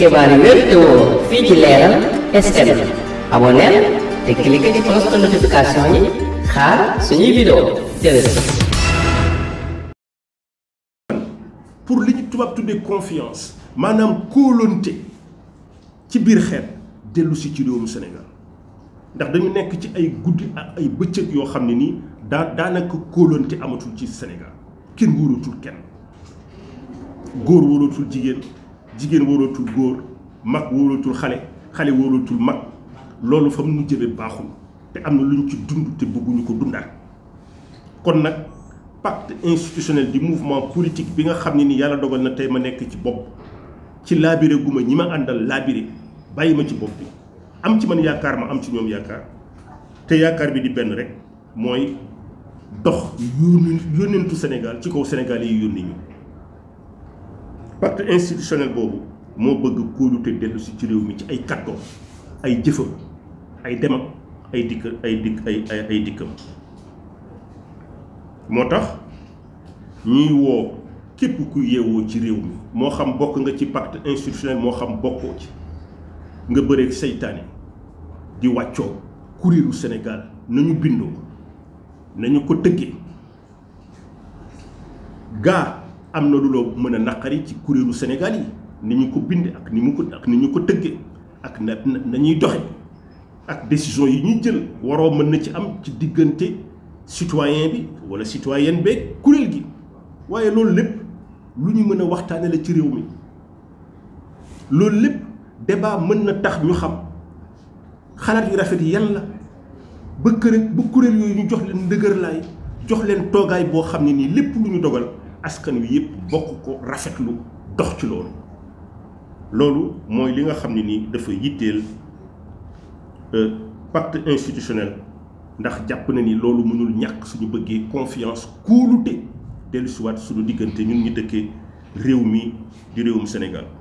xibaar yi wér te woo fii ci leeral SN aboneel te cliquer ci poste notification yi xaar suñuy vidéo jërëjëf pour li tubab tuddee confiance manam kóolonte ci bir xeet dellu ci ci réewum Sénégal ndax dañu nekk ci ay goudi ak ay bëccëg yoo xam ne nii daa daanaka kóolonte amatul ci Sénégal kenn wóoratul kenn góor wóoratul jigéen jigen wóorootul mag xale xale mag loolu fa mu te am na ci dund te ko kon pacte institutionnel du mouvement politique bi nga xam ni yàlla dogal na tey ma nekk ci bopp ci laabire gu ma ñi ma àndal ci bopp bi am ci man yaakaar ma am ci ñoom yaakaar te yaakaar bi di rek dox Sénégal ci Sénégal pacte institutionnel boobu moo bëgg kóolute dellusi ci réew mi ci ay kàddoom ay jëfam ay demam ay dikk ay dikk ay ay dikkam moo tax ñuy woo képp ku yeewoo ci réew mi moo xam bokk nga ci pacte institutionnel moo xam bokkoo ci nga bëreeg seytaane di wàccoo kuréelu senegal nañu bindoo nañu ko tëggee gaa am na lu loo mën a naqari ci kuréelu Sénégal yi ni ñu ko bind ak ni mu ko ak ni ñu ko tëggee ak na nañuy doxe ak décision yi ñuy jël waroo mën na ci am ci diggante citoyen bi wala citoyenne beeg kuréel gi waaye loolu lépp lu ñu mën a waxtaane la ci réew mi loolu lépp débat mën na tax ñu xam xalaat yu rafet yi yan la ba kër ba kuréel yooyu ñu jox leen ndëgër laay jox leen toogaay boo xam ne nii lépp lu ñu dogal askan wi yëpp bokk ko rafetlu dox ci loolu loolu mooy li nga euh, pacte institutionnel ndax jàpp na ni loolu mënul suñu confiance de dellusiwaat suñu diggante ñun ñi dëkkee réew Sénégal